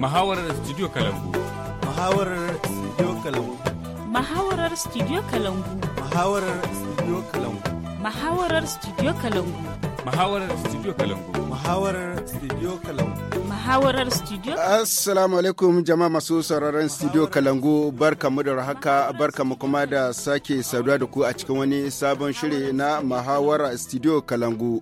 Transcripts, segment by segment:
mahawarar Studio Kalambu. mahawarar Studio Kalambu. mahawarar Studio Kalambu. mahawarar Studio Kalambu. mahawarar Studio Kalambu. mahawarar Studio Kalambu. mahawarar Studio Kalambu. mahawarar studio assalamu alaikum jama'a masu sauraron studio kalangu mu da haka mu kuma da sake saduwa da ku a cikin wani sabon shiri na mahawarar studio kalangu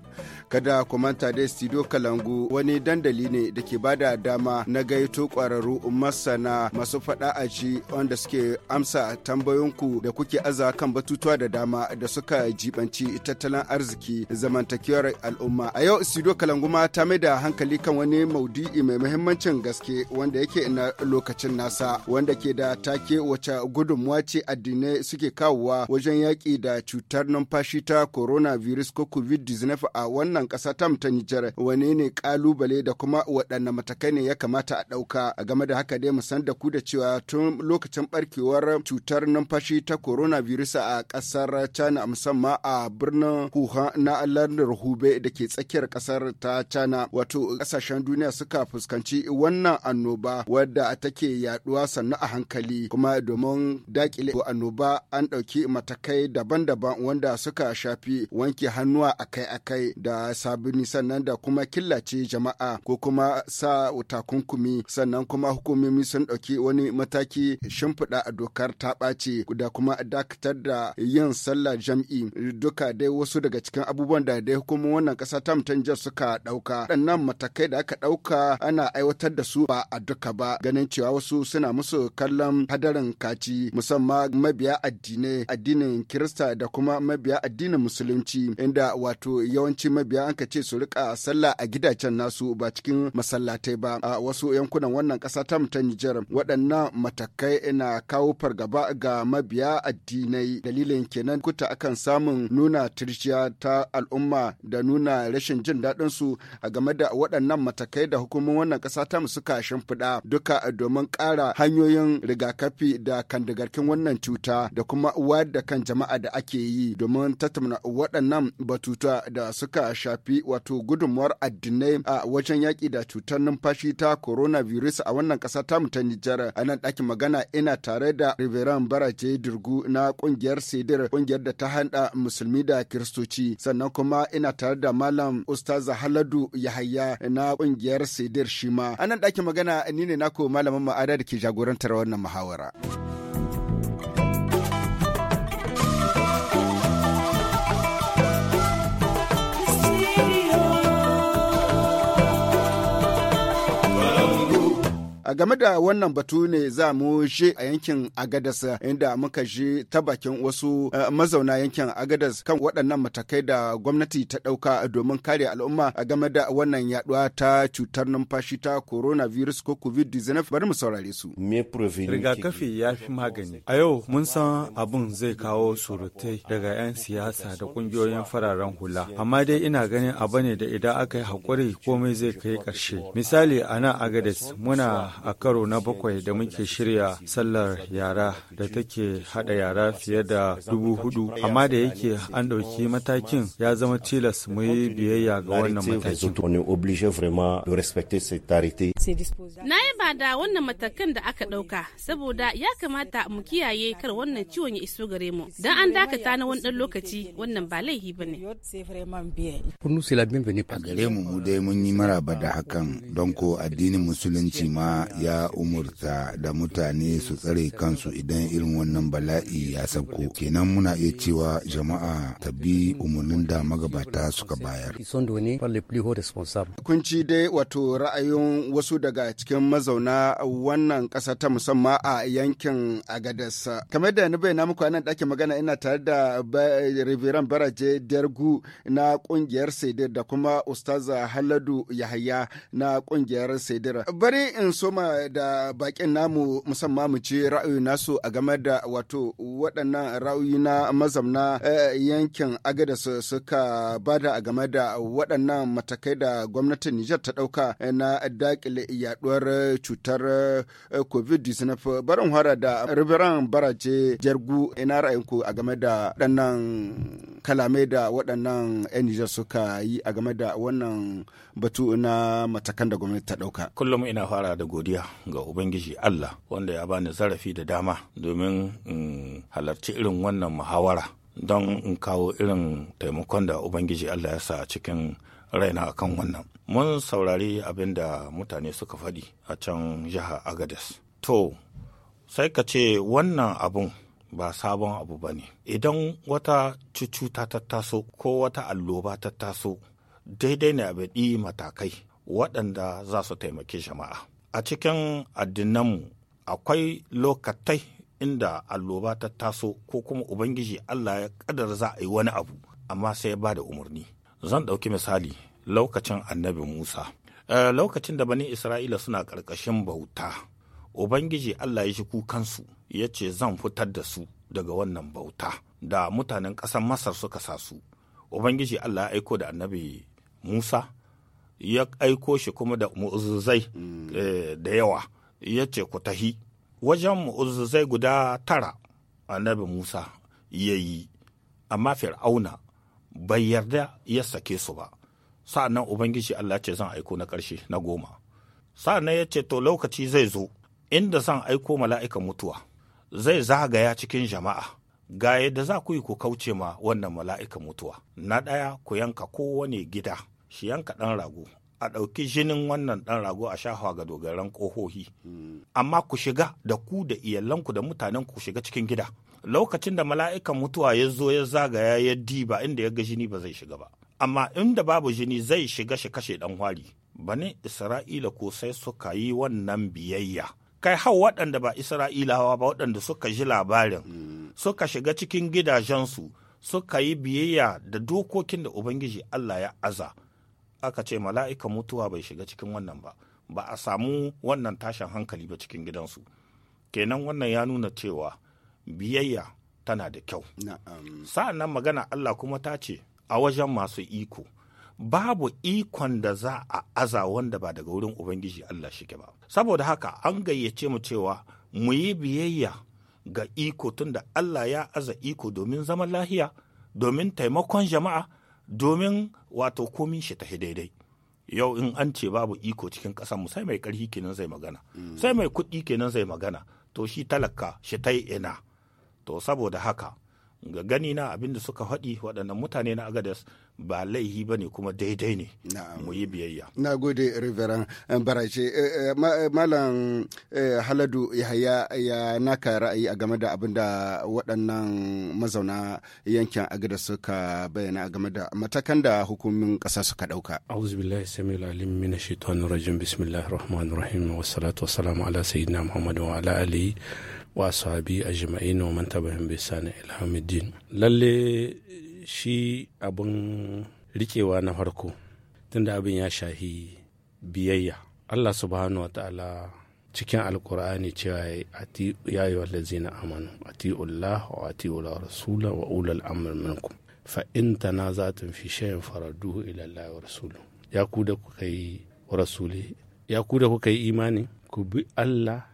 kada ku manta da studio kalangu wani dandali ne da ke ba da dama na gaito kwararru masana masu faɗa a ji wanda suke amsa tambayoyinku da kuke aza kan batutuwa da dama da suka jibanci tattalin arziki zamantakewar al'umma a yau studio kalangu ma ta mai da hankali kan wani maudu'i mai muhimmancin gaske wanda yake na lokacin nasa wanda ke da take wace gudunmuwa ce addinai suke kawowa wajen yaƙi da cutar numfashi ta coronavirus ko covid-19 a wannan wannan ƙasa tam ta Nijar wane ne ƙalubale da kuma waɗanne matakai ne ya kamata a ɗauka a game da haka dai musan da ku da cewa tun lokacin barkewar cutar numfashi ta coronavirus a ƙasar China musamman a birnin Wuhan na lardin Hubei da ke tsakiyar kasar ta China wato kasashen duniya suka fuskanci wannan annoba wadda take yaduwa sannu a hankali kuma domin dakile annoba an ɗauki matakai daban-daban wanda suka shafi wanke hannuwa akai-akai da da sabuni sannan da kuma killace jama'a ko kuma sa takunkumi sannan kuma hukumomi sun ɗauki wani mataki shimfiɗa a dokar ta ɓace da kuma dakatar da yin sallah jam'i duka dai wasu daga cikin abubuwan da dai hukumomin wannan ƙasa ta mutan jihar suka ɗauka waɗannan matakai da aka ɗauka ana aiwatar da su ba a duka ba ganin cewa wasu suna musu kallon hadarin kaci musamman mabiya addinai addinin kirista da kuma mabiya addinin musulunci inda wato yawanci mabiya idan ka ce su rika sallah a gidajen nasu ba cikin masallatai ba a wasu yankunan wannan kasa ta ta Nijar waɗannan matakai na kawo fargaba ga mabiya addinai dalilin kenan kuta akan samun nuna tirjiya ta al'umma da nuna rashin jin daɗin su a game da waɗannan matakai da hukumomin wannan kasa ta suka shimfiɗa duka domin ƙara hanyoyin rigakafi da kandigarkin wannan cuta da kuma wayar da kan jama'a da ake yi domin tattauna waɗannan batuta da suka sha shafi wato gudunmuwar addinai a wajen yaƙi da cutar numfashi ta coronavirus a wannan ƙasa ta ta Nijar. A nan ɗakin magana ina tare da riveran Baraje Dirgu na ƙungiyar Sidir ƙungiyar da ta hada musulmi da kiristoci sannan kuma ina tare da Malam Ustaza Haladu Yahaya na ƙungiyar Sidir shima. A nan ɗakin magana ni ne nako malamin ma'ada da ke jagorantar wannan muhawara. A game da wannan batu ne za mu je a yankin Agadas inda muka je ta bakin wasu eh, mazauna yankin Agadas kan waɗannan matakai da gwamnati ta ɗauka domin kare al'umma a game da wannan yaduwa ta cutar numfashi ta coronavirus ko covid-19 bari mu saurare su. Rigakafi ya fi magani. A yau mun san abin zai kawo surutai daga 'yan siyasa da ƙungiyoyin fararen hula. Amma dai ina ganin abu ne da idan aka yi haƙuri komai zai kai ƙarshe. Misali a nan agadas muna a karo na bakwai da muke shirya sallar yara da take hada yara fiye da dubu hudu amma da yake an ɗauki matakin ya zama tilas mu yi biyayya ga wannan matakin. Na yi ba da wannan matakan da aka ɗauka saboda ya kamata mu kiyaye kar wannan ciwon ya iso gare mu don an dakata na wani dan lokaci wannan ba laifi Kunu bane. A gare mu mu dai mun yi maraba da hakan don ko addinin musulunci ma ya umurta da mutane su tsare kansu idan irin wannan bala'i ya sauko kenan muna iya cewa jama'a ta bi umarnin da magabata suka bayar kunci dai wato ra'ayin wasu daga cikin mazauna wannan ƙasa ta musamman a yankin agadasa kamar da ni bayyana muku nan ɗakin magana ina tare da riveran baraje dergu na ƙungiyar saidir da kuma ustaza haladu yahaya na ƙungiyar saidir bari in so koma da bakin namu musamman mu ce ra'ayi nasu a game da wato waɗannan ra'ayi na mazamna eh, yankin agadas suka bada a game da waɗannan matakai da gwamnatin Nijar ta ɗauka eh, na dakile yaduwar cutar eh, COVID-19 barin hwara da Ribiran Baraje Jargu ina ra'ayinku a game da waɗannan kalamai da waɗannan 'yan Nijar suka yi a game da wannan batu na matakan da gwamnati ta ɗauka. Kullum ina fara da godiya. godiya ga Ubangiji Allah wanda ya bani zarafi da dama domin in halarci irin wannan muhawara don in kawo irin taimakon da Ubangiji Allah ya sa a cikin raina akan wannan. Mun saurari abin da mutane suka faɗi a can jiha Agades. To, sai ka ce wannan abun ba sabon abu ba ne. Idan wata cucuta ta taso ko wata alloba ta taso daidai ne a baɗi matakai waɗanda za su taimaki jama'a. a cikin addinanmu akwai lokatai inda alloba ta taso ko kuma ubangiji allah ya kadar za a yi wani abu amma sai ya ba da umarni zan ɗauki misali lokacin annabi musa eh, lokacin da bani isra'ila suna ƙarƙashin bauta ubangiji allah ya shi kukansu ya ce zan fitar da su daga wannan bauta da mutanen ƙasar masar suka sa su ubangiji allah ya aiko da annabi musa ya aiko shi kuma da mu'uzuzai mm. eh, da yawa ya ce ku tahi wajen mu'uzuzai guda tara annabi musa ya yi amma fir'auna bai yarda ya sake su ba sa'annan ubangiji allah ce zan aiko na ƙarshe na goma sa'annan ya ce to lokaci zai zo inda zan aiko mala'ikan mutuwa zai zagaya cikin jama'a ga yadda za ku yi ku kauce ma wannan mala'ikan mutuwa na ɗaya ku yanka kowane gida shi yanka ɗan rago a ɗauki jinin wannan ɗan rago a shafa ga dogaran ƙohohi amma ku shiga da ku da iyalanku da mutanen ku shiga cikin gida lokacin da mala'ikan mutuwa ya zo ya zagaya ya diba inda ya ga jini ba zai shiga ba amma inda babu jini zai shiga shi kashe ɗan hwari Bani isra'ila ko sai suka yi wannan biyayya kai hau waɗanda ba isra'ilawa ba waɗanda suka ji labarin suka shiga cikin gidajensu suka yi biyayya da dokokin da ubangiji allah ya aza aka ce mala'ikan mutuwa bai shiga cikin wannan ba ba a samu wannan tashin hankali ba cikin gidansu kenan wannan ya nuna cewa biyayya tana da kyau sa'an nan magana allah kuma ta ce a wajen masu iko babu ikon da za a aza wanda ba daga wurin ubangiji allah shike ba saboda haka an gayyace mu cewa mu yi biyayya ga iko tunda allah ya aza iko domin zaman lahiya domin taimakon jama'a domin wato komin shi tafi daidai yau in an ce babu iko cikin ƙasar mu sai mai ƙarfi kenan zai magana sai mai kuɗi kenan zai magana to shi talaka shi ta ina to saboda haka ga gani na abin da suka haɗi waɗannan mutane na agadas ba laihi ba ne kuma daidai ne mu yi biyayya na gode riveran eh, barace eh, eh, malam haladu yahaya ya naka ra'ayi a game da abin da waɗannan mazauna yankin agadas suka bayyana a game da matakan da hukumin ƙasa suka ɗauka auzubillahi samil alim min shaitanir rajim bismillahir rahmanir rahim wassalatu ala sayyidina muhammad wa ala alihi wa sahabi a wa noman ta bi ilhamuddin lalle shi abin rikewa na farko tunda abin ya shahi biyayya Allah subhanahu wa ta'ala cikin alkur'ani cewa ya yi na amanu a ati'ullah wa ati'ula rasula wa ulal amr minkum fa in ta fi shay'in faradduhu ila wa rasulu ya ku da kuka yi rasuli ya ku da kuka yi imani ku bi Allah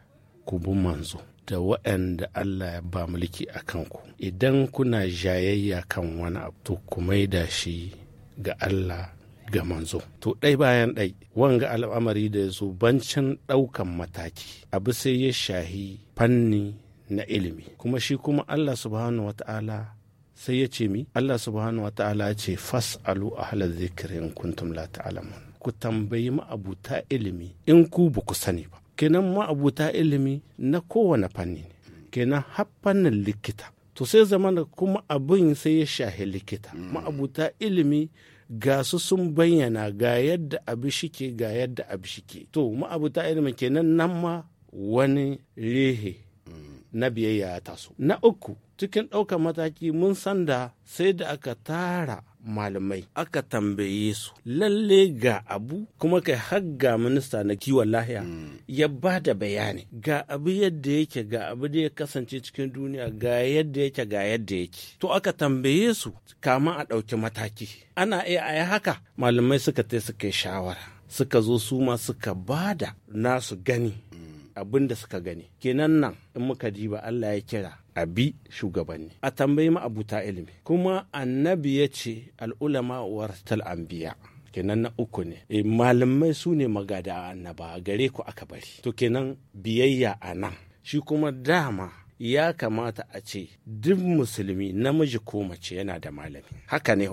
ku bi manzo da waɗanda Allah ya ba mulki a kanku idan kuna jayayya kan wani abu to ku maida shi ga Allah ga manzo to ɗai bayan ɗai wanga al'amari da ya ban bancin ɗaukan mataki abu sai ya shahi fanni na ilimi kuma shi kuma Allah subhanahu ta'ala sai ya ce mi Allah subhanahu ta'ala ce fas'alu ahla dhikri in kuntum la ta'lamun ku tambayi ma'abuta ilimi in ku ba ku sani ba kenan ma'abuta ilimi na kowane fanni kenan haffannin likita to sai zamana kuma abin sai ya shahi likita mm. ma'abuta ilimi ga su sun bayyana ga yadda abu shike ga yadda abu shike to ma'abuta ilimi kenan nan ma wani rehe mm. na biyayya ya taso na uku cikin ɗaukar mataki mun san da sai da aka tara malamai aka tambaye su lalle ga abu kuma kai har ga minista na kiwon lahiya mm. ya ba da bayani ga abu yadda yake ga abu da ya kasance cikin duniya ga yadda yake ga yadda yake to aka tambaye su kama a ɗauki mataki ana iya a haka malamai suka tai suka yi shawara suka zo su ma suka ba da nasu gani mm. abin da suka gani kenan nan in muka diba Allah ya kira a bi shugabanni a tambayi ma ma'abuta ilimi kuma annabi ya ce al'ulama wartal anbiya kenan na uku ne e, malamai su ne magada annaba gare ku aka bari to kenan biyayya a nan shi kuma dama ya kamata a ce duk musulmi namiji ko mace yana da malami haka ne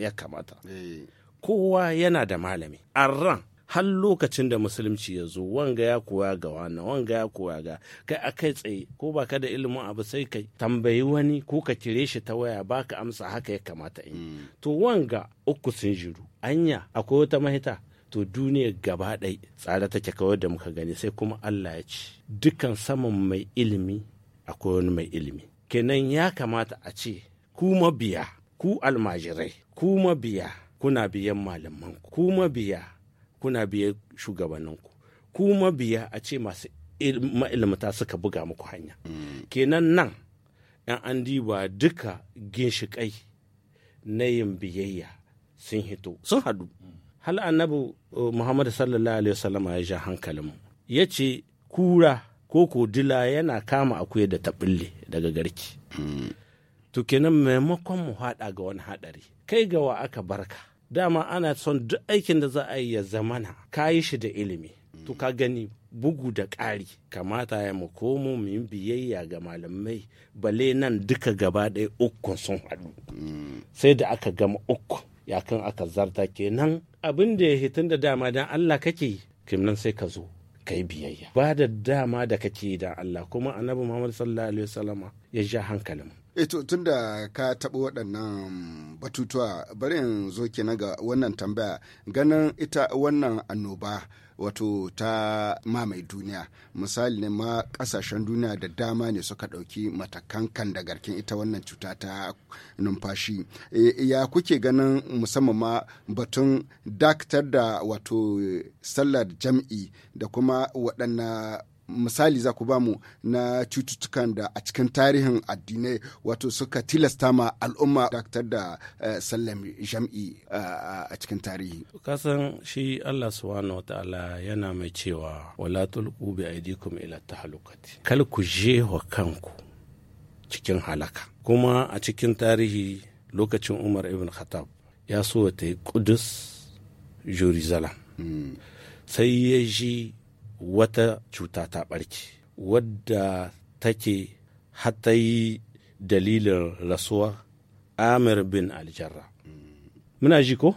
ya kamata eh. kowa yana da malami ran har lokacin da musulunci ya zo wanga ya koya ga wannan wanga ya koya ga kai a kai tsaye ko ba ka da ilimin abu sai ka tambayi wani ko ka kire shi ta waya ba ka amsa haka ya kamata in mm. to wanga uku sun jiru anya akwai wata mahita to duniya gaba ɗai tsada take kawai da muka gani sai kuma Allah ya ci dukkan saman mai ilimi akwai wani mai ilimi kenan ya kamata a ce ku mabiya ku almajirai ku mabiya kuna biyan malaman ku mabiya kuna biye shugabanninku kuma biya a ce masu ma'ilmata suka buga muku hanya mm. kenan nan yan an diba duka ginshiƙai na yin biyayya sun hito sun hadu mm. hal annabi uh, muhammadu sallallahu alaihi wasallama ya ja hankalin ya ce kura ko ko dila yana kama akuya da taɓille daga garki mm. to kenan maimakon mu haɗa ga wani haɗari kai gawa aka barka dama ana son duk aikin da za a yi ya zamana ka yi shi da ilimi to ka gani bugu da ƙari kamata ya mu komo mu yi biyayya ga malamai bale nan duka gaba ɗaya ukun sun haɗu sai da aka gama uku kan aka zarta kenan abin da ya hitin da dama dan Allah kake yi kimnan sai ka zo ka yi biyayya ba da dama da kake da Allah kuma annabi Muhammad sallallahu alaihi wasallama ya ja hankalin eto eh, da ka taɓa waɗannan batutuwa bari in zo kenan ga wannan tambaya ganin ita wannan annoba wato ta mamaye duniya misali ne ma ƙasashen duniya da dama ne suka ɗauki matakan kan da garkin ita wannan cuta ta numfashi eh, ya kuke ganin musamman ma batun daktar da wato sallar jam'i da kuma waɗannan. misali za ku ba na cututtukan da a cikin tarihin addinai wato suka tilasta ma al'umma daktar da eh, sallam jam'i eh, a cikin tarihi kasan shi Allah subhanahu ta'ala yana mai cewa wala tulku bi aydikum ila tahlukati kal ku je wa kanku cikin halaka kuma a cikin tarihi lokacin Umar ibn Khattab ya so ta yi kudus Jerusalem hmm. sai ya ji wata cuta ta ɓarke wadda take hata yi dalilin rasuwa amir bin aljarra muna ji ko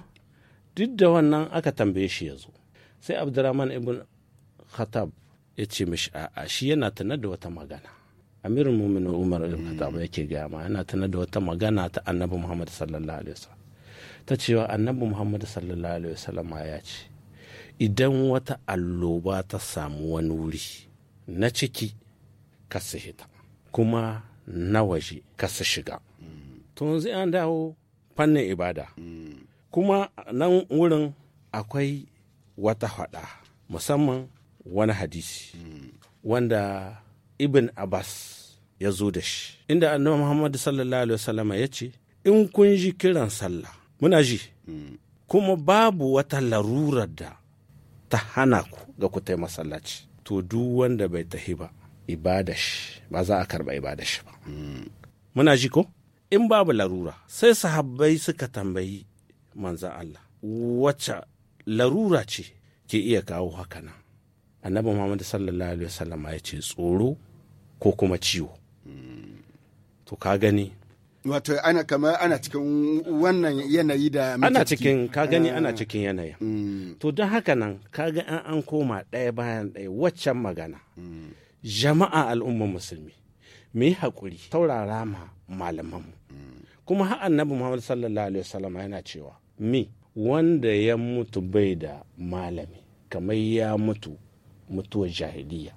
duk da wannan aka tambaye shi ya zo sai abdurrahman ibn khattab ya ce mishi a'a shi yana tana da wata magana amirin muminin umar ibn khattab yake gaya ma yana tana da wata magana ta annabi muhammad sallallahu alaihi wasallam ta cewa annabi muhammad sallallahu alaihi wasallam ya ce idan wata alloba ta samu wani wuri na ciki ka kuma na waje ka shiga to yanzu an dawo fannin ibada kuma nan wurin akwai wata hada musamman wani hadisi wanda ibn abbas ya zo da shi inda annabi muhammadu sallallahu alaihi wasallama ya ce in kun ji kiran sallah muna ji mm. kuma babu wata larurar da ta hana ku ga ku yi masallaci to duk wanda bai tahi ba ibada shi ba za a karba ibada shi ba muna ji ko in babu larura sai sahabbai suka tambayi manzan Allah wacce larura ce ke iya kawo haka nan annabi Muhammad sallallahu alaihi wasallam ya ce tsoro ko kuma ciwo to ka gani wato ana kamar ana cikin wannan yanayi da ana cikin ka gani ana ah. cikin yanayi mm. to don haka nan ka ga an an koma ɗaya bayan ɗaya waccan magana mm. jama'a al'ummar musulmi mai haƙuri taurara ma malamanmu mu mm. kuma ha annabi muhammad sallallahu alaihi wasallam yana cewa mi wanda ya mutu bai da malami kamar ya mutu mutuwar jahiliya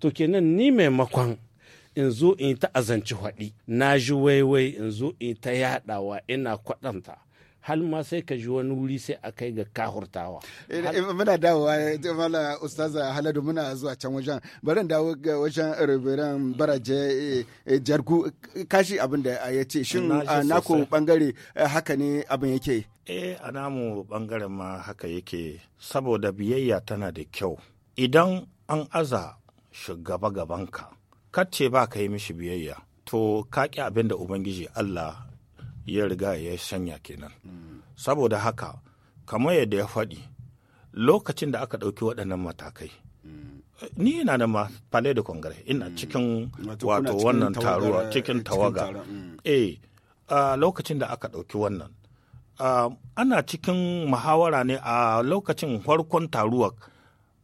to kenan ni maimakon in zo in ta azanci haɗi na ji waiwai in zo in ta yaɗawa ina kwaɗanta hal ma sai ka ji wani wuri sai a kai ga kahurtawa. Eh, eh, muna dawowa eh, mala ustaza haladu muna zuwa can wajen barin dawo ga wajen rubiran baraje jargu kashi abin da ya ce shin nako bangare haka ne abin yake. Eh a namu bangaren ma haka yake saboda biyayya tana da kyau idan an aza shugaba gabanka kacce ba ka yi mishi biyayya to ka ƙi abin da ubangiji allah ya riga ya shanya kenan saboda haka kamar yadda ya faɗi lokacin da aka ɗauki waɗannan matakai ni ina da mafale da kongare ina mm. cikin wato wannan taruwa eh, cikin tawaga mm. eh lokacin da aka ɗauki wannan ana cikin muhawara ne a lokacin farkon taruwa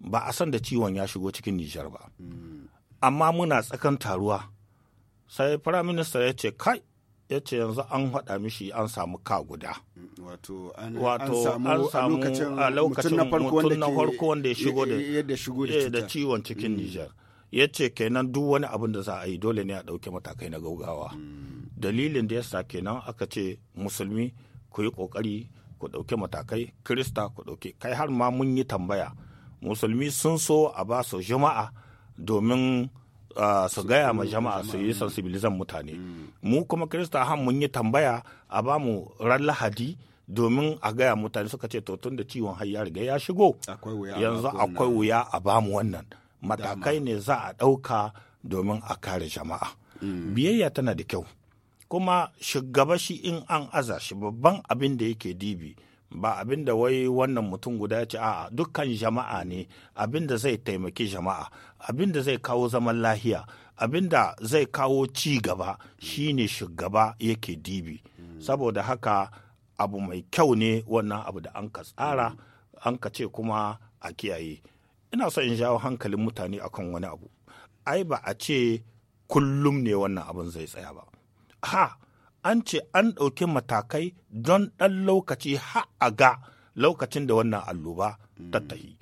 ba a san da ciwon ya shigo cikin nijar ba mm. amma muna tsakan taruwa sai minista ya ce kai ya ce yanzu an haɗa mishi an samu ka guda wato an samu a lokacin mutum na farko wanda ya shigo da eh, ciwon cikin mm. nijar ya ce kenan duk wani abin da za a yi dole ne a ɗauki matakai na gaugawa mm. dalilin da ya sa kenan aka ce musulmi ku yi ƙoƙari ku ɗauki matakai kirista ku ɗauki kai har ma mun yi tambaya musulmi sun so a ba su jama'a domin ah, su gaya ma jama'a su yi sensibilizan mutane mm. mu kuma kirista han mun yi tambaya a bamu ran lahadi domin a gaya mutane suka ce to tun da ciwon har ya riga ya shigo yanzu akwai wuya a bamu wannan matakai ne za a ɗauka domin a kare jama'a mm. biyayya tana da kyau kuma shugaba shi in an aza shi babban abin da yake dibi ba abin da wai wannan mutum guda ya ce a dukkan jama'a ne abin da zai taimaki jama'a abin da zai kawo zaman lahiya abin da zai kawo ci gaba shine shugaba yake dibi saboda haka abu mai kyau ne wannan abu da an ka tsara an ka ce kuma a kiyaye ina so in jawo hankalin mutane akan wani abu ai ba a ce kullum ne wannan abin zai tsaya ba ha an ce an ɗauki matakai don ɗan lokaci har a ga lokacin da wannan alloba ta tahi.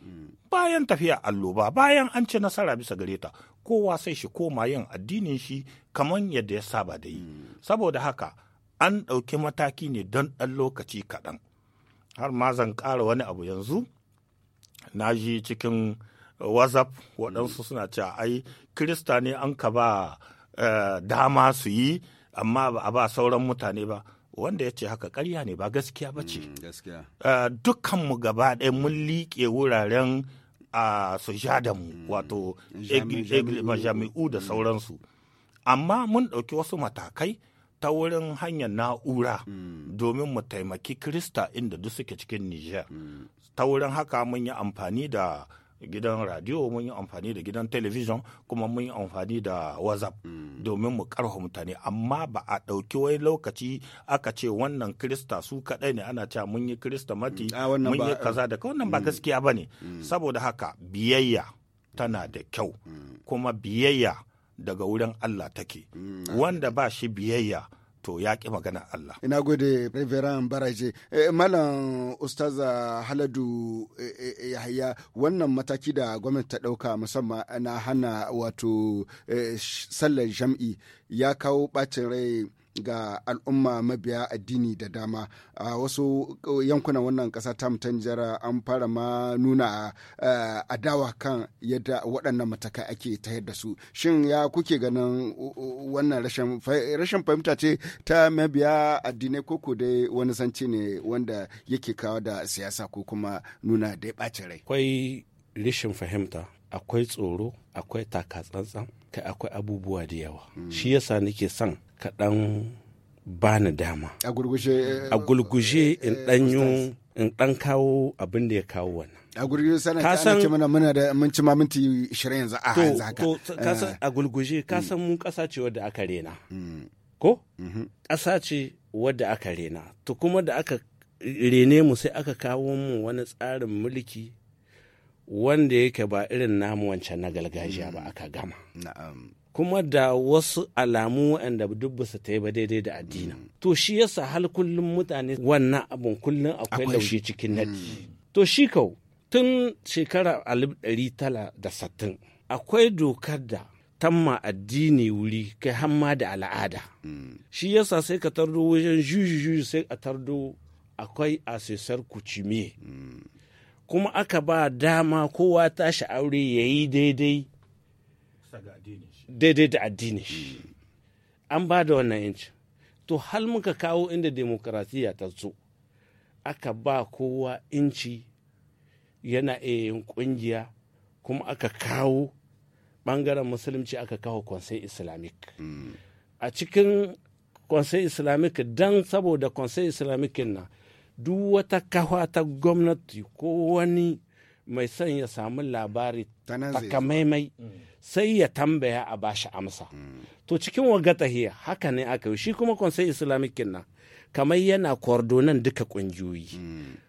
Bayan tafiya alloba bayan an ce nasara bisa gare ta kowa sai shi koma yin addinin shi kamar yadda ya saba da yi. Saboda haka an ɗauki mataki ne don ɗan lokaci kaɗan. Har ma zan ƙara wani abu yanzu na ji cikin wazaf waɗansu suna cewa ai kirista ne an ka ba eh, dama su yi amma ba a ba sauran mutane ba wanda ya ce haka karya ne ba gaskiya ba ce mm, eh, dukkanmu gaba ɗaya mun liƙe wuraren a mu mm, wato jami'u da mm. sauransu amma mun ɗauki wasu matakai ta wurin hanyar na'ura domin mu taimaki krista inda duk suke cikin niger ta wurin haka mun yi amfani da gidan radio mun yi amfani da gidan television kuma mun yi amfani da whatsapp mm. domin mu karfa mutane amma ba a ɗauki wani lokaci aka ce wannan krista su kaɗai ne ana cewa mun yi krista mati mm. ah, mun yi kaza da wannan ba mm. gaskiya ba ne saboda haka biyayya tana da kyau kuma biyayya daga wurin allah take wanda ba shi biyayya to ya ƙi magana Allah. Ina gode Reverend Baraje. Eh, Malam Ustaza Haladu eh, eh, Yahaya wannan mataki da gwamnati ta ɗauka musamman na hana wato sallar jam'i ya kawo ɓacin rai ga al'umma mabiya addini da dama a wasu yankunan wannan kasa ta mutanjara an fara ma nuna adawa kan yadda waɗannan matakai ake tayar da su shin ya kuke ganin wannan rashin fahimta ce ta mabiya addinai ko dai wani sanci ne wanda yake kawo da siyasa ko kuma nuna dai ya rai akwai rashin fahimta akwai tsoro akwai takatsantsan kai akwai abubuwa da yawa hmm. shi yasa nake son kaɗan ni dama a gulgushe eh, eh, in ɗanyo in ɗan kawo abin da ya kawo wannan a gurguje sana ka ana ce mana muna da mun ci ma minti 20 yanzu a yanzu haka ka san eh. a gulguje ka san mun ƙasa ce wadda aka rena ko mm-hmm. ƙasa ce wadda aka rena to kuma da aka rene mu sai aka kawo mu wani tsarin mulki wanda yake ba irin namu wancan na gargajiya ba mm. aka gama na'am kuma da wasu alamu waɗanda duk ba su ta yi ba daidai da addini. Mm. To shi yasa hal kullum mutane wannan abin kullum akwai laushi cikin nadi. Mm. To shi kau tun shekara alif ɗari tala da sattin akwai dokar da tamma addini wuri kai hamma da al'ada mm. shi yasa sai ka tardo wajen juju sai a tardo akwai asesar kucime kuma aka ba dama kowa tashi aure ya yi daidai daidai da addini shi an ba da wannan yanci to hal muka kawo inda demokrasiya ta zo aka ba kowa inci yana iya yin kungiya kuma aka kawo bangaren musulunci aka kawo konsai islamic a cikin konsai islamic don saboda konsai islamic na duk wata kawa ta gwamnati ko wani mai son ya samu labari takamaimai sai ya tambaya a bashi amsa to cikin waga tahiya haka ne aka yi shi kuma konsai islamic nan kamar yana kordonan duka kungiyoyi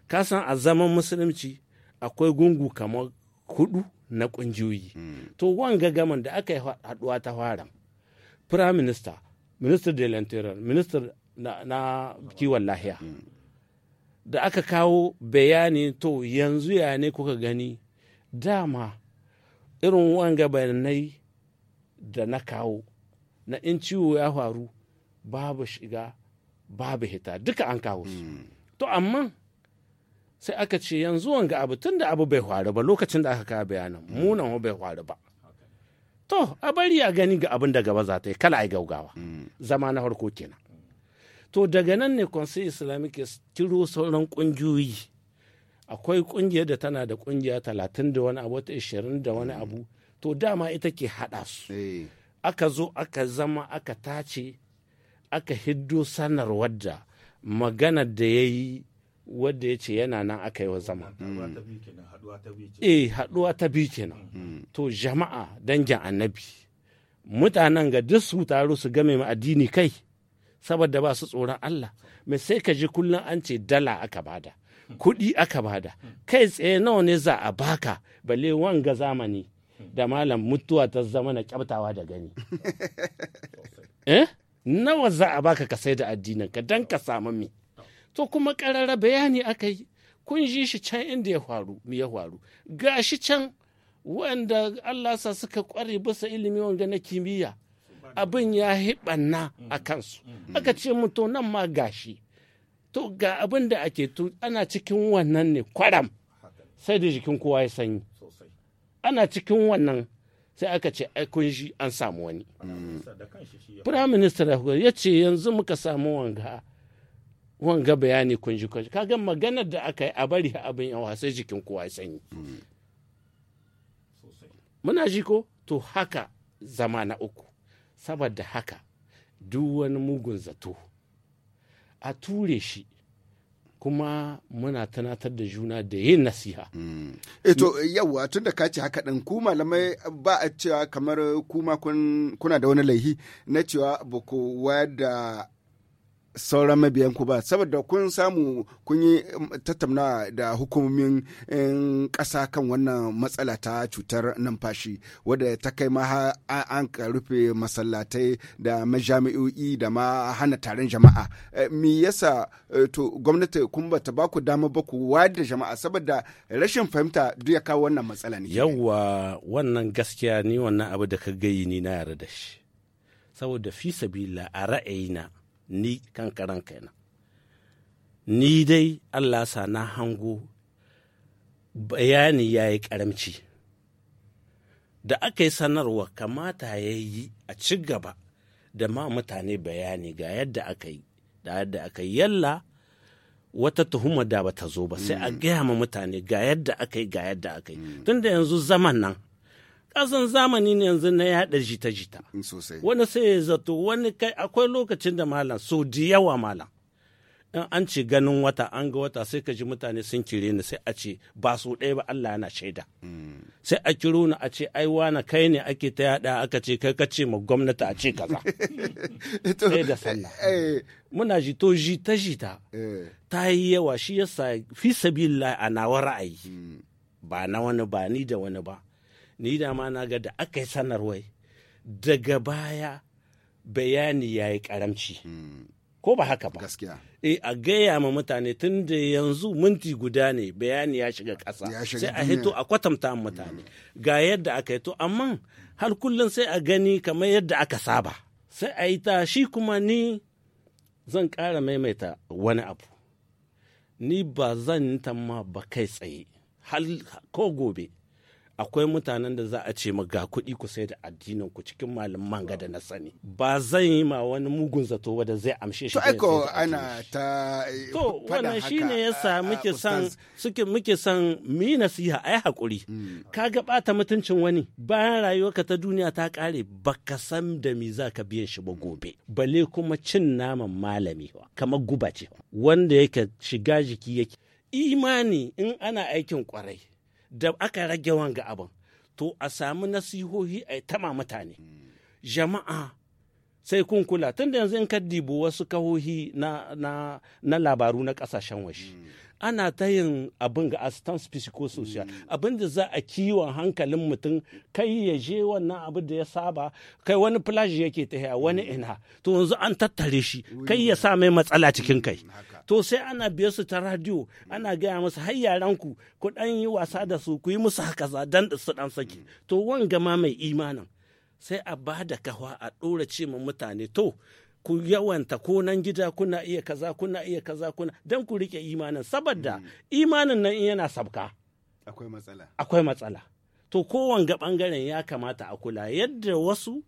kasan a zaman musulunci akwai gungu kamar hudu na kungiyoyi to wanga gaman da aka yi haduwa ta fara prime minister minister de minister na kiwon lahiya da aka kawo bayani to yanzu ya ne kuka gani dama irin wanga bayanai da na kawo na in ciwo ya faru babu shiga babu hita duka an kawo su hmm. to amma sai aka ce yanzu wanga abu tun da abu bai faru ba lokacin da aka kawo bayanan hmm. munan bai faru ba to a bari ya gani ga abin da gaba za ta yi kala ai gaugawa hmm. zama na farko kenan to daga nan ne conseil islamic ya tiro sauran kungiyoyi akwai kungiyar da tana da kungiya talatin da wani abu ta ishirin da wani abu to dama ita ke haɗa su eh. aka zo aka zama aka tace aka hiddo sanar wadda magana da ya yi wadda ya ce yana nan aka yi wa zama. Eh haɗuwa ta biyu kenan. Mm-hmm. To jama'a dangin annabi mutanen ga duk su taru su game addini kai saboda ba su tsoron Allah mai sai ka ji kullum an ce dala aka bada kuɗi aka bada kai tsaye nawa ne za a baka balle wanga zamani da malam mutuwa ta zama na kyautawa da gani eh? nawa za a baka ka sai da addinin ka dan ka samu mi to kuma karara bayani aka yi kun ji shi can inda ya faru me ya faru gashi can wanda Allah sa suka kware bisa ilimi wanga na kimiyya abin ya hiɓanna a kansu aka ce mutu nan ma gashi to ga abin da ake tu ana cikin wannan ne kwaram sai da jikin kowa ya sanyi ana cikin wannan sai aka ce ai kun shi an samu wani prime minister ya ce yanzu muka samu wanga wanga bayani kun ji kun kaga maganar da aka yi a bari abin yawa sai jikin kowa ya sanyi hmm. muna ji ko to haka zama na uku saboda haka duk wani mugun zato a ture shi kuma muna tunatar da juna da yin nasiha. Mm. Eto eh, yawa tun da kace haka ɗin ku malamai ba a cewa kamar kuma kuna da wani laihi na cewa ba ku wayar da sauran mabiyan ku ba saboda kun samu kun yi um, tattauna da hukumomin um, ƙasa kan wannan matsala ta cutar numfashi wadda ta kai ma an rufe masallatai da majami'o'i da ma hana taron jama'a eh, me yasa eh, to gwamnati kun ba ta baku dama ba ku wayar da jama'a saboda rashin fahimta duk ya kawo wannan matsala ne yawwa wannan gaskiya ni wannan abu da ka gayi ni na yarda da shi saboda fi sabila a ra'ayina ni kankaran kaina ni dai allah sa na hango bayani ya yi karamci da aka yi sanarwa kamata ya yi a ci gaba da ma mutane bayani ga yadda aka yi da yadda aka yi yalla wata tuhuma da ba ta zo ba sai a mm. gaya ma mutane ga yadda aka yi ga yadda aka yi mm. tunda yanzu zaman nan kasan zamani yanzu na yaɗa jita-jita. Mm, wani sai ya zato wani kai akwai lokacin da malam so di yawa malam. In an ce ganin wata an ga wata sai ka ji mutane sun kire ni sai a ce ba su ɗaya ba Allah yana shaida. Mm. Sai a kiro ni a ce ai wani kai ne ake ta yaɗa aka ce kai ka ce ma gwamnati a ce kaza. Sai da sallah. Eh, eh. Muna jito jita-jita. Eh. Ta yi yawa shi yasa fi sabilillah a nawa ra'ayi. Mm. Ba na wani ba ni da wani ba. ni dama na ga da aka yi sanarwai daga baya bayani ya yi karamci hmm. ko ba haka ba e a gaya ma mutane tun da yanzu minti guda ne bayani ya shiga ƙasa sai a hito a kwatanta mutane hmm. ga yadda aka yi to amma har kullum sai a gani kamar yadda aka saba sai a yi ta shi kuma ni zan ƙara maimaita wani abu ni ba zan ma ba kai tsaye ko gobe akwai mutanen da za a ce ma ga kuɗi ku sai da addinin ku cikin malaman ga da na sani ba zan yi ma wani mugun zato wanda zai amshe shi to ana ta eh, to wannan shine yasa muke san suke muke san mi nasiha ai hakuri hmm. kaga bata mutuncin wani bayan rayuwarka ta duniya ta kare baka san da mi za ka biyan shi ba gobe bale kuma cin naman malami kamar guba ce wanda yake shiga jiki yake imani in ana aikin kwarai da aka rage wanga abin to a samu nasihohi a tama mutane jama'a sai kun kula tun yanzu in ka dibo wasu kahohi na, labaru na kasashen washe ana ta yin abin ga assistance psychosocial mm. abin da za a kiwon hankalin mutum kai ya je wannan abin da ya saba kai wani flash yake ta wani mm. ina to yanzu an tattare shi kai ya sa mai matsala cikin kai mm, to sai ana biya su ta radio ana gaya musu har yaran ku ku dan yi wasa da su ku yi musu haka dan su dan saki to wanga ma mai imanin sai a ba da kawa a ɗorace ce ma mutane to ku yawanta ko nan gida kuna iya kaza kuna iya kaza kuna don ku rike imanin saboda mm. imanin nan yana sabka akwai matsala akwai matsala to kowanne bangaren ya kamata a kula yadda wasu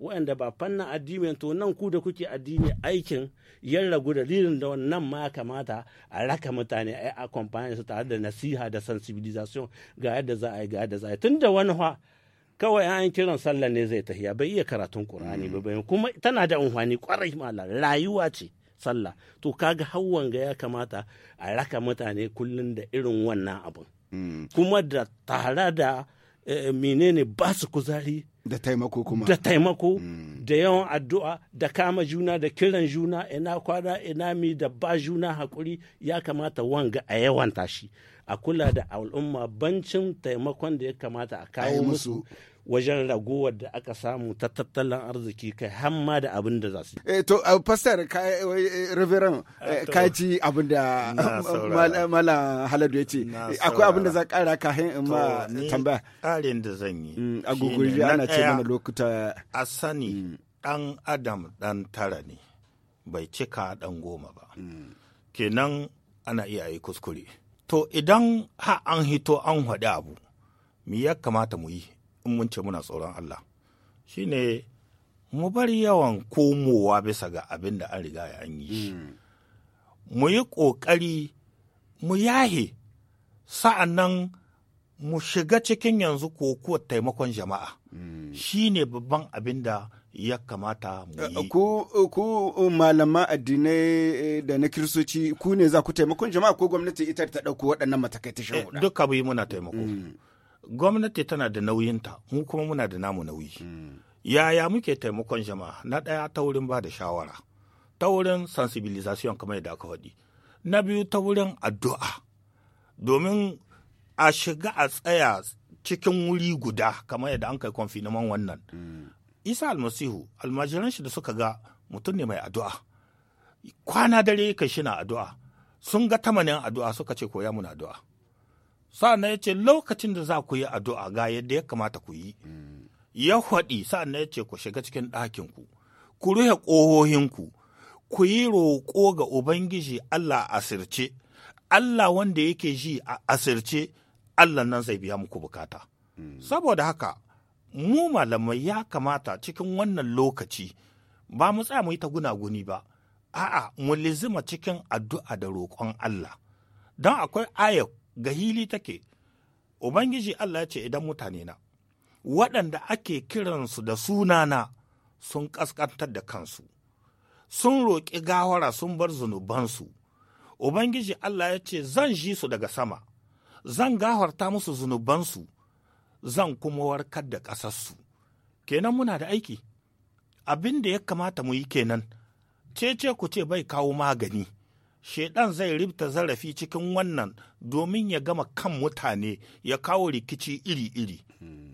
waɗanda ba fannin addini to nan ku da kuke addini aikin yan ragu dalilin da wannan ma kamata a raka mutane a accompany su tare da nasiha da sensibilization ga yadda za a yi ga yadda za a yi tun da wani kawai an kiran sallah ne zai tafiya bai iya karatun qur'ani ba mm. bai kuma tana da amfani kwarai mala rayuwa ce sallah to kaga hawan ga ya kamata a raka mutane kullum da irin wannan abun mm. kuma da tare da eh, menene ba su kuzari da taimako kuma da taimako mm. da yawan addu'a da kama juna da kiran juna ina kwana ina mi da ba juna hakuri ya kamata wanga a yawan tashi a kula da al'umma bancin taimakon da ya kamata a kawo musu wajen ragowar da aka samu ta tattalin arziki kai hamma da abin da za su yi. Eh, to eh, pastor eh, reverend ka ci abin da mala haladu ya ce akwai abin da za kara ka hin ma tambaya. ƙarin da zan yi. Mm, a gugurji ana ce mana lokuta a sani dan mm. adam dan tara ne bai cika dan goma ba mm. kenan ana iya yi kuskure to idan ha an hito an haɗe abu mi ya kamata mu yi in mun ce muna tsoron Allah shine mu bar yawan komowa bisa ga abin da an riga ya an yi mm. mu yi ƙoƙari mu yahe sa'an nan mu shiga cikin yanzu kokuwar taimakon jama'a Mm. shi ne babban abin da ya kamata mu eh, yi. Ku, malama addinai eh, da na kirsoci ku ne za ku taimakon jama'a ko gwamnati ita ta ɗauko waɗannan matakai ta eh, shahuda? Duka bai muna taimako. Mm. Gwamnati tana da nauyinta, mu kuma muna da namu nauyi. Mm. Yaya muke taimakon jama'a? Na ɗaya ta wurin ba da shawara, ta wurin sensibilisation kamar yadda aka faɗi. Na biyu ta wurin addu'a, domin a shiga a tsaya cikin wuri guda kamar yadda an kai man wannan mm. isa almasihu almajiran shi da suka ga mutum ne mai addu'a kwana dare kai shi na addu'a sun ga tamanin addu'a suka ce koya mun addu'a sa'an ya ce lokacin da za ku yi addu'a ga yadda ya kamata ku yi mm. ya faɗi sa'an ya ce ku shiga cikin ɗakin ku ku rufe ƙohohin ku yi roƙo ga ubangiji allah asirce allah wanda yake ji a asirce allah nan zai biya muku bukata hmm. saboda haka mu malamai ya kamata cikin wannan lokaci ba mu tsaya mu yi ta gunaguni ba a'a mu lizima cikin addu'a da roƙon Allah don akwai aya ga hili take ubangiji Allah ya ce idan mutane na waɗanda ake kiransu da sunana sun ƙasƙantar da kansu sun roƙi gawara sun bar zunubansu ubangiji Allah ya ce zan ji su daga sama zan gafarta musu zunubansu zan kuma warkar da ƙasarsu kenan muna da aiki abin da ya kamata mu yi kenan cece ku ce bai kawo magani shaidan zai ribta zarafi cikin wannan domin ya gama kan mutane ya kawo rikici iri-iri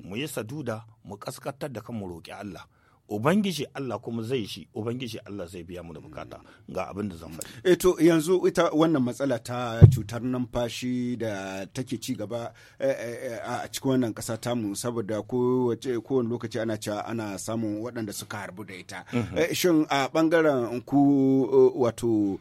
mu yi saduda mu kaskantar da kan mu roƙi Allah ubangiji Allah kuma zai shi ubangiji Allah zai biya mu da bukata ga abin da zan faɗi eh to yanzu ita wannan matsala ta cutar numfashi da take ci gaba eh, eh, a cikin wannan ƙasa tamu saboda kowane lokaci ana cewa ana samun waɗanda suka harbu da ita mhm. shin a ɓangaren ku wato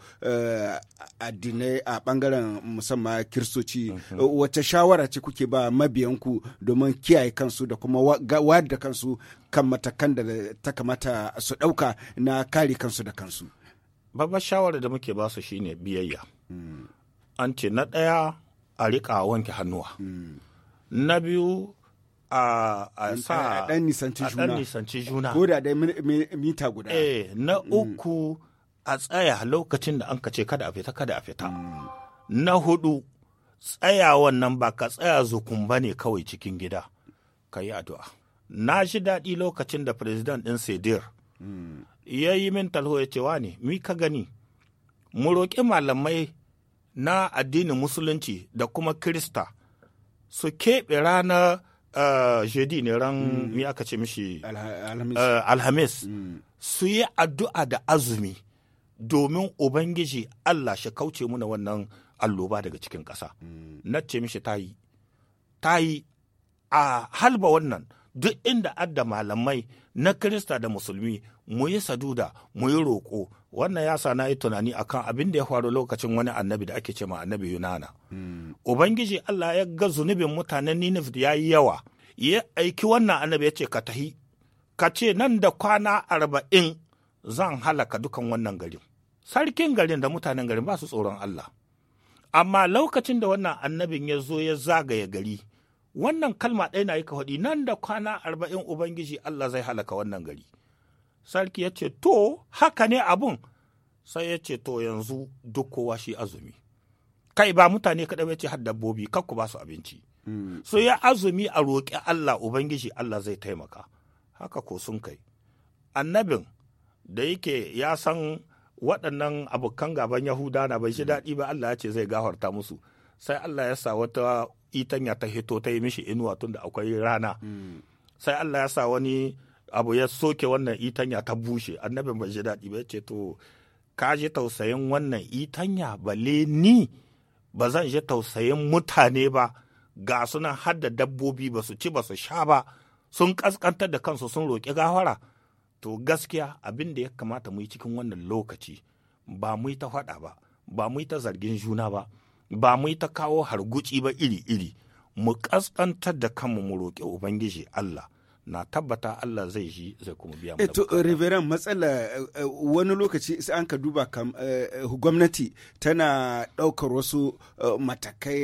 addinai a ɓangaren musamman kiristoci mhm. wata shawara ce kuke ba mabiyanku domin kiyaye kansu da kuma wayar da kansu kan matakan da ta kamata su ɗauka na kare kansu da kansu babban shawarar da muke basu shine biyayya an ce na ɗaya a riƙa wanke hannuwa na biyu a sa ɗan nisanci juna ko da dai mita guda eh, na mm. uku a tsaya lokacin da an ka ce kada a fita kada a fita mm. na hudu tsaya wannan ba ka tsaya zukun ba ne kawai cikin gida ka yi addu'a na shi daɗi lokacin da president ɗin sedir ya yi min talho ya cewa ne mi ka gani mu roƙi malamai na addinin musulunci da kuma kirista su keɓe ranar eh, jeudi ne ran mm. mi aka ce mishi alhamis eh, mm. su yi addu'a da azumi domin ubangiji allah shi kauce muna wannan alloba daga cikin ƙasa mm. na ce mishi ta yi a halba wannan duk inda adda malamai na Kirista da Musulmi mu yi saduda mu yi roƙo wannan ya sa na yi tunani akan abin da ya faru lokacin wani annabi da ake ce ma annabi Yunana. Ubangiji Allah ya ga zunubin mutanen Ninif ya yi yawa ya aiki wannan annabi ya ce ka tahi ka ce nan da kwana arba'in zan halaka dukan wannan garin. Sarkin garin da mutanen garin ba su tsoron Allah. Amma lokacin da wannan annabin ya zo ya zagaya gari wannan kalma ɗaya na yi ka faɗi nan da kwana arba'in ubangiji Allah zai halaka wannan gari sarki ya ce to haka ne abun sai ya ce to yanzu duk kowa shi azumi kai ba mutane kaɗai bai ce har dabbobi kar ku ba su abinci hmm. so ya azumi a roƙi Allah ubangiji Allah zai taimaka haka ko sun kai annabin da yake ya san waɗannan abokan gaban yahuda na bai shi hmm. daɗi ba Allah ya ce zai gafarta musu sai Allah ya sa wata itanya ta hito ta yi mishi inuwa tun da akwai rana mm. sai Allah ya sa wani abu ya soke wannan itanya ta bushe annabin bai ji daɗi ba ce to ka ji tausayin wannan itanya bale ni ba zan ji tausayin mutane ba ga suna har dabbobi ba su ci ba su sha ba sun kaskantar da kansu sun roƙi gafara to gaskiya abin da ya kamata mu yi cikin wannan lokaci ba mu yi ta faɗa ba ba mu yi ta zargin juna ba ba mu ta kawo hargutsi ba iri-iri mu ƙasƙantar da kanmu mu roƙi ubangiji Allah na tabbata Allah zai ji zai kuma biya mu. Eto eh, reverend matsala eh, eh, wani lokaci sai an ka duba gwamnati tana ɗaukar wasu matakai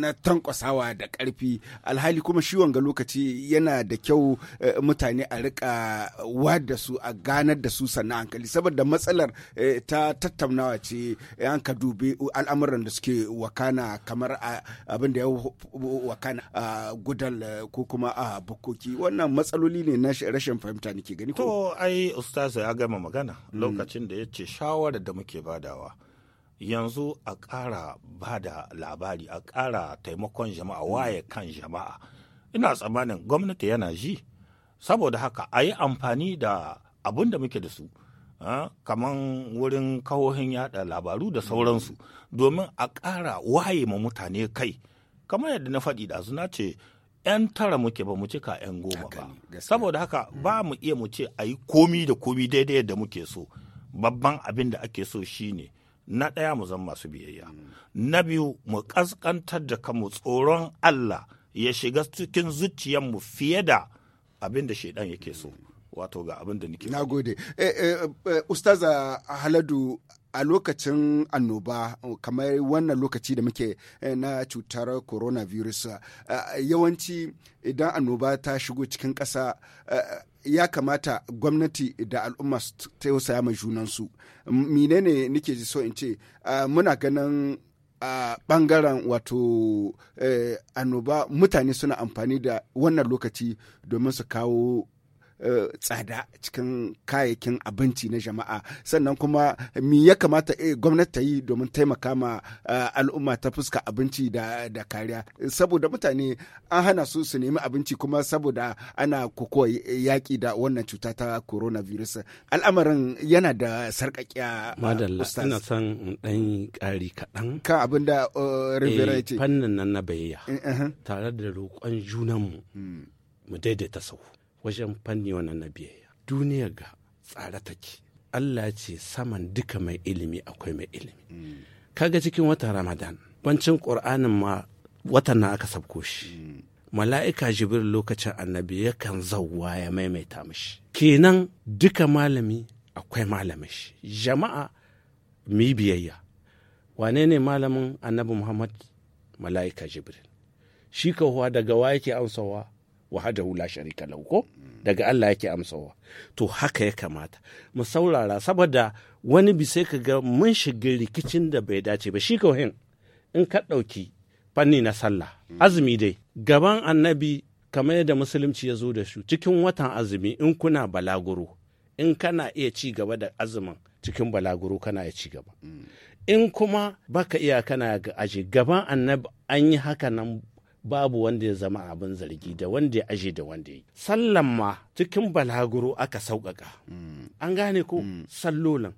na tankwasawa da ƙarfi alhali kuma shi wanga lokaci yana da kyau mutane a rika wada su a ganar da su sannan hankali saboda matsalar ta tattaunawa ce an ka dubi al'amuran da suke wakana kamar ah, abin da ya wakana a gudal ko kuma a bukoki wannan matsaloli ne na rashin fahimta nake gani ko to ai ustaza ya gama magana lokacin da ya ce shawarar da muke badawa yanzu a ƙara bada labari a ƙara taimakon jama'a waye kan jama'a ina tsammanin gwamnati yana ji saboda haka a yi amfani da abun da muke da su ah, kamar wurin kawohin yada labaru da sauransu domin a ƙara waye ma mutane kai kamar yadda na faɗi da ce 'yan tara muke ba mu cika 'yan goma ba saboda haka mm. ba mu iya mu ce a yi komi da komi daidai yadda muke so babban abin da ake so shine na ɗaya mu zama masu biyayya mm. na biyu mu ƙasƙantar da kanmu tsoron Allah ya shiga cikin zuciyarmu fiye da abin da shaidan yake so mm. wato ga abin da nake na gode eh, eh, eh, ustaza haladu a lokacin annoba kamar wannan lokaci da muke eh, na cutar coronavirus eh, yawanci idan annoba ta shigo cikin ƙasa eh, ya kamata gwamnati da al'umma su tausaya ma junansu menene nike ji so in ce muna ganin a bangaren wato annoba mutane suna amfani da wannan lokaci domin su kawo tsada cikin kayayyakin abinci na jama'a sannan kuma mi ya kamata eh, gwamnati ta yi domin taimaka ma eh, al'umma ta fuska abinci da kariya saboda mutane an hana su su nemi abinci kuma saboda ana kokowa yaƙi da wannan cuta ta coronavirus al'amarin yana da sarƙaƙiya eh, madalla ina son ɗan ƙari kaɗan kan abin da rivera ya ce fannin nan na bayayya tare da roƙon junanmu hmm. mu daidaita sahu wajen fanni wannan na biyayya duniya ga tsare take Allah ce saman duka mai ilimi akwai mai ilimi mm. kaga cikin watan ramadan bancin ƙur'anin ma watan na aka sabko shi mm. mala'ika jibril lokacin annabi yakan zauwa ya maimaita mishi kenan duka malami akwai malamin shi jama'a mi biyayya wane ne malamin annabi muhammad mala'ika jibril shi kahuwa daga wa yake amsawa wahadahu la sharika lahu ko daga Allah yake amsawa to haka ya kamata mu saurara saboda wani bi sai ga mun shiga rikicin da bai dace ba shi kawai in ka ɗauki fanni na sallah azumi dai gaban annabi kamar yadda musulunci ya zo da shi cikin watan azumi in kuna balaguro in kana iya ci gaba da azumin cikin balaguro kana iya ci gaba mm. in kuma baka iya kana ga aji gaban annabi an yi haka nan babu wanda ya zama abin zargi da wanda ya aje da wanda ya sallan ma cikin balaguro aka sauƙaƙa an gane ko mm. sallolan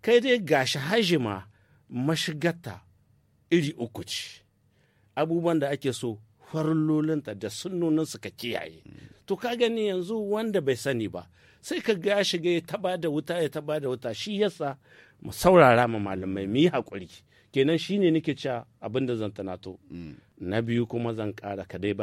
kai dai gashi haji ma mashigata iri uku ce abubuwan da ake so farlolinta da sunnonin suka kiyaye mm. to ka gani yanzu wanda bai sani ba sai ka ga shiga ya taba da wuta ya taba da wuta shi yasa mu saurara ma malamai mu yi haƙuri kenan shine nake cewa abin da zan tanato mm. na biyu kuma zan ƙara ka dai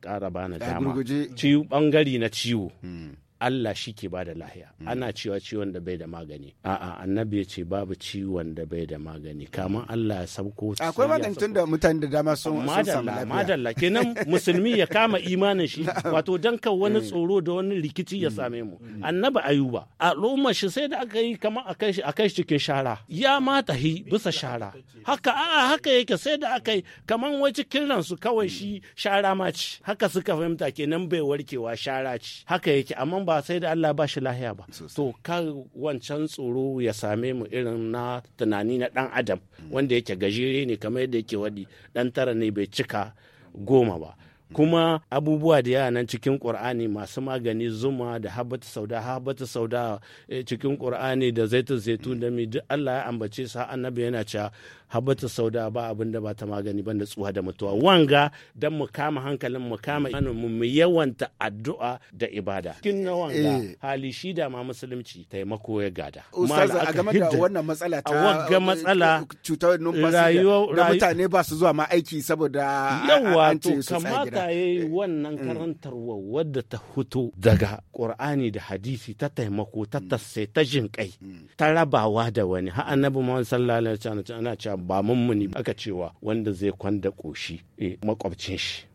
ƙara bana dama ciwo ɓangare na ciwo hmm. Allah shi ke ba da lahiya mm. ana cewa ciwon da bai da magani a'a annabi ya ce babu ciwon da bai da magani Kamar Allah ya sauko akwai magani tun da mutane da dama sun samu lafiya madalla kenan musulmi ya kama imanin shi wato dan kan wani mm. tsoro da wani rikici ya mm. same mu mm. annabi ayuba roma shi sai da aka yi kamar akai shi akai cikin shara ya ma tahi bisa shara haka a'a haka yake sai da aka yi kaman wai cikin su kawai shi shara ma ci haka suka fahimta kenan bai warkewa shara ci haka yake amma ba sai da Allah ba shi lahiya ba to kar wancan tsoro ya same mu irin na tunani na ɗan adam mm. wanda yake gajere ne kamar yadda yake wadi ɗan tara ne bai cika goma ba kuma abubuwa da yana nan cikin ƙur'ani masu magani zuma da habata sauda habata sauda eh, cikin ƙur'ani da zaitun zaitun da mai duk Allah ya ambace sa annabi yana cewa habbatu sauda ba abin da ba ta magani ban da tsuwa da mutuwa wanga dan mu kama hankalin mu kama mu mu yawanta addu'a da ibada kin na wanga eh. hali shi da ma musulunci taimako ya gada ustaza a game da wannan matsala ta wanga matsala eh, cutar numfashi da mutane ba su zuwa ma aiki saboda yawa to kamata yayi eh. wannan mm. karantarwa wadda ta huto daga qur'ani da hadisi ta taimako ta mm. tasse ta jinkai kai mm. ta rabawa da wani ha annabi Muhammad sallallahu alaihi wasallam ana ba mummuni aka cewa wanda zai kwanda koshi eh, makwabcin shi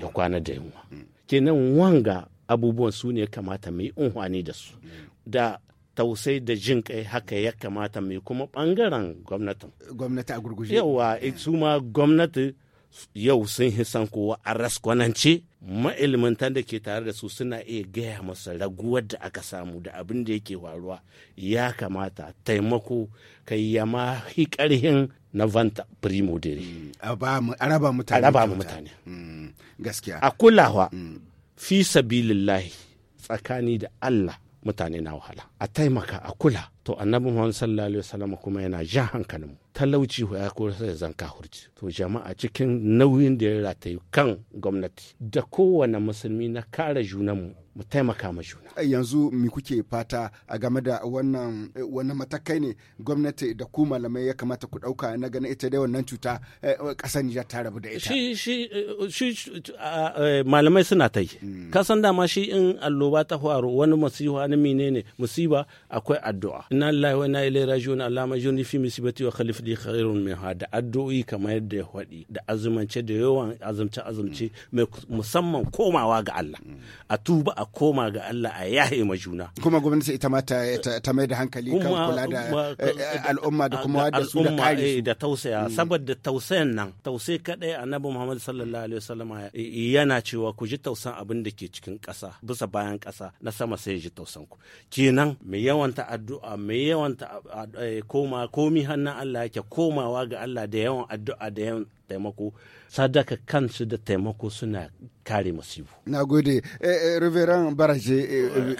da kwana da yunwa mm. kenan wanga abubuwan su ne kamata mai unhwani da su mm. da tausai da jin kai haka ya kamata mai kuma bangaren gwamnatin gwamnati a gurguje yawa eh, su ma gwamnati yau sun hisan kowa a raskwanance ma'ilmantan da ke tare da su suna iya gaya masa raguwar da aka samu da abin da yake waruwa ya kamata taimako kai ya ma hi karhin na vanta primo dere a mutane a raba mutane mm, gaskiya a kulawa mm. fi sabilillahi tsakani da Allah mutane na wahala a taimaka a kula to annabi muhammad sallallahu alaihi wasallam kuma yana ja hankalin mu talauci ya kusa zan hurci to jama'a cikin nauyin da ya rataye kan gwamnati da kowane musulmi na kare junan mu. mu taimaka ma juna. Yanzu mi kuke fata a game da wannan eh, wannan matakai ne gwamnati da ku malamai ya kamata ku dauka na ganin ita dai wannan cuta eh, eh, ƙasar Nijar ta rabu da ita. Shi shi shi malamai suna ta yi. Hmm. Ka dama shi in alloba ta faru wani masifa na ne musiba akwai addu'a. Inna lillahi wa inna ilaihi raji'un Allahumma jini fi musibati wa khalif khairun min hada addu'i kamar yadda ya faɗi da azumance da yawan azumce hmm. azumce musamman komawa ga Allah. Hmm. A tuba a koma ga Allah a yaye ma juna kuma gwamnati ita ma ta, ta, mai da hankali kan kula da eh, eh, al'umma da kuma da su da kare eh, da tausaya mm. saboda tausayan nan tausai kadai annabi Muhammad sallallahu alaihi wasallam yana cewa ku ji tausan abin da ke cikin ƙasa bisa bayan ƙasa na sama sai ji tausan ku kenan mai yawanta addu'a mai yawanta koma komi hannun Allah yake komawa ga Allah da yawan addu'a da yawan taimako sadaka kansu da taimako suna kare masifu. Na gode, eh, eh, Reverend Baraje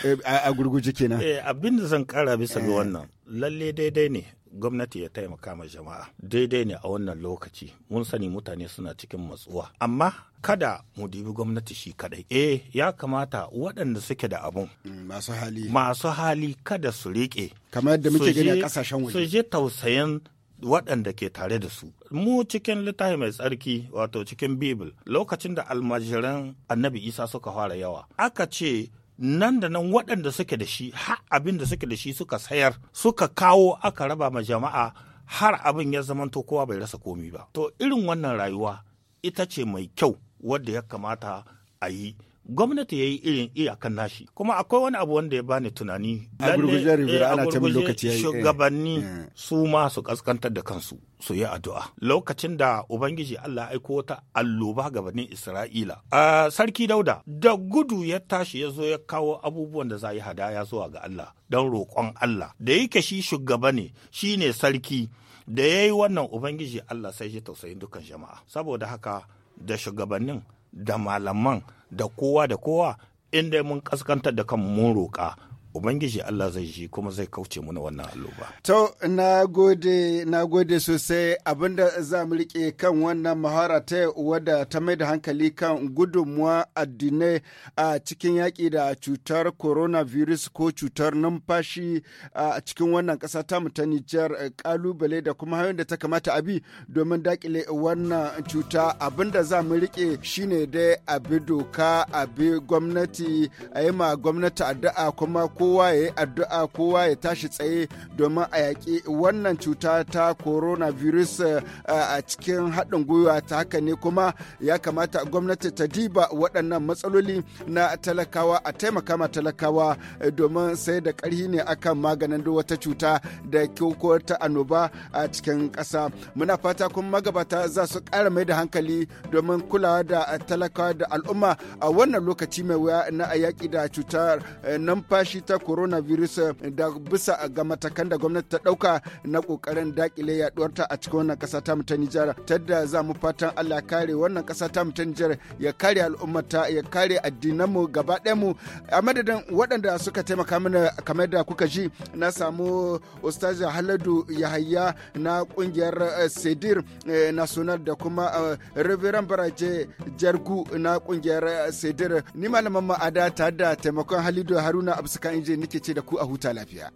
eh, a gurguji kenan. Abin da zan kara bisa ga wannan, lalle daidai ne gwamnati ya taimaka ma jama'a daidai ne a wannan lokaci mun sani mutane suna cikin matsuwa amma kada mu dibi gwamnati shi kadai eh ya kamata waɗanda suke da abun mm, masu hali kada su riƙe kamar yadda muke gani a ƙasashen waje su je tausayin waɗanda ke tare da su. Mu cikin littafi mai tsarki wato cikin bibul. lokacin da almajiran annabi Isa suka fara yawa. Aka ce nan da nan waɗanda suke da shi har abin da suke da shi suka sayar suka kawo aka raba ma jama'a har abin ya zamanto kowa bai rasa komi ba. To irin wannan rayuwa ita ce mai kyau wadda ya kamata a yi gwamnati ya yi irin iyakan nashi kuma akwai wani abu wanda ya bani tunani a gurguje eh, ana eh. shugabanni eh. su ma su kaskantar da kansu su yi addu'a lokacin da ubangiji Allah aiko wata alloba gabanin Isra'ila a sarki Dauda da gudu ya tashi ya zo ya kawo abubuwan da za yi hadaya zuwa ga Allah don roƙon Allah da yake shi shugaba ne shi ne sarki da ya yi wannan ubangiji Allah sai shi tausayin dukan jama'a saboda haka da shugabannin da malaman da kowa da kowa in inda mun kaskantar da kan mun roƙa ubangiji Allah zai ji kuma zai kauce muna wannan alloba. To na gode na gode sosai abinda za mu rike kan wannan mahara ta wadda ta mai da hankali kan gudunmuwa addinai a cikin yaƙi da cutar coronavirus ko cutar numfashi a cikin wannan ƙasa ta mu ta Nijar kalubale eh, da kuma hanyoyin da ta kamata abi domin daƙile wannan cuta abinda za mu rike shine dai abi doka abi gwamnati a yi ma gwamnati addu'a kuma ko kowa ya yi addu'a kowa ya tashi tsaye domin a yaƙi wannan cuta ta coronavirus eh, eh, a cikin haɗin gwiwa ta haka ne kuma ya kamata gwamnati ta diba waɗannan matsaloli na talakawa a taimaka ma talakawa eh, domin sai da ƙarhi ne akan maganin duk wata cuta da ko ta annoba a cikin ƙasa muna fata kuma magabata za su ƙara mai da hankali domin kulawa da talakawa da al'umma a wannan lokaci mai wuya na yaƙi da cutar numfashi ta cutar coronavirus da bisa ga matakan da gwamnati ta dauka na kokarin dakile yaduwar ta a cikin wannan kasa ta ta Nijar tadda za mu fatan Allah kare wannan kasa ta ta Nijar ya kare al'ummata ya kare addinan mu gaba mu a madadin waɗanda suka taimaka mana kamar da kuka ji na samu ustaz Haladu Yahaya na kungiyar eh, Sedir eh, National da kuma eh, Reverend Baraje Jargu na kungiyar Sedir ni malaman ma'ada tare da taimakon Halidu Haruna Absukan ni nake ce da ku a huta lafiya.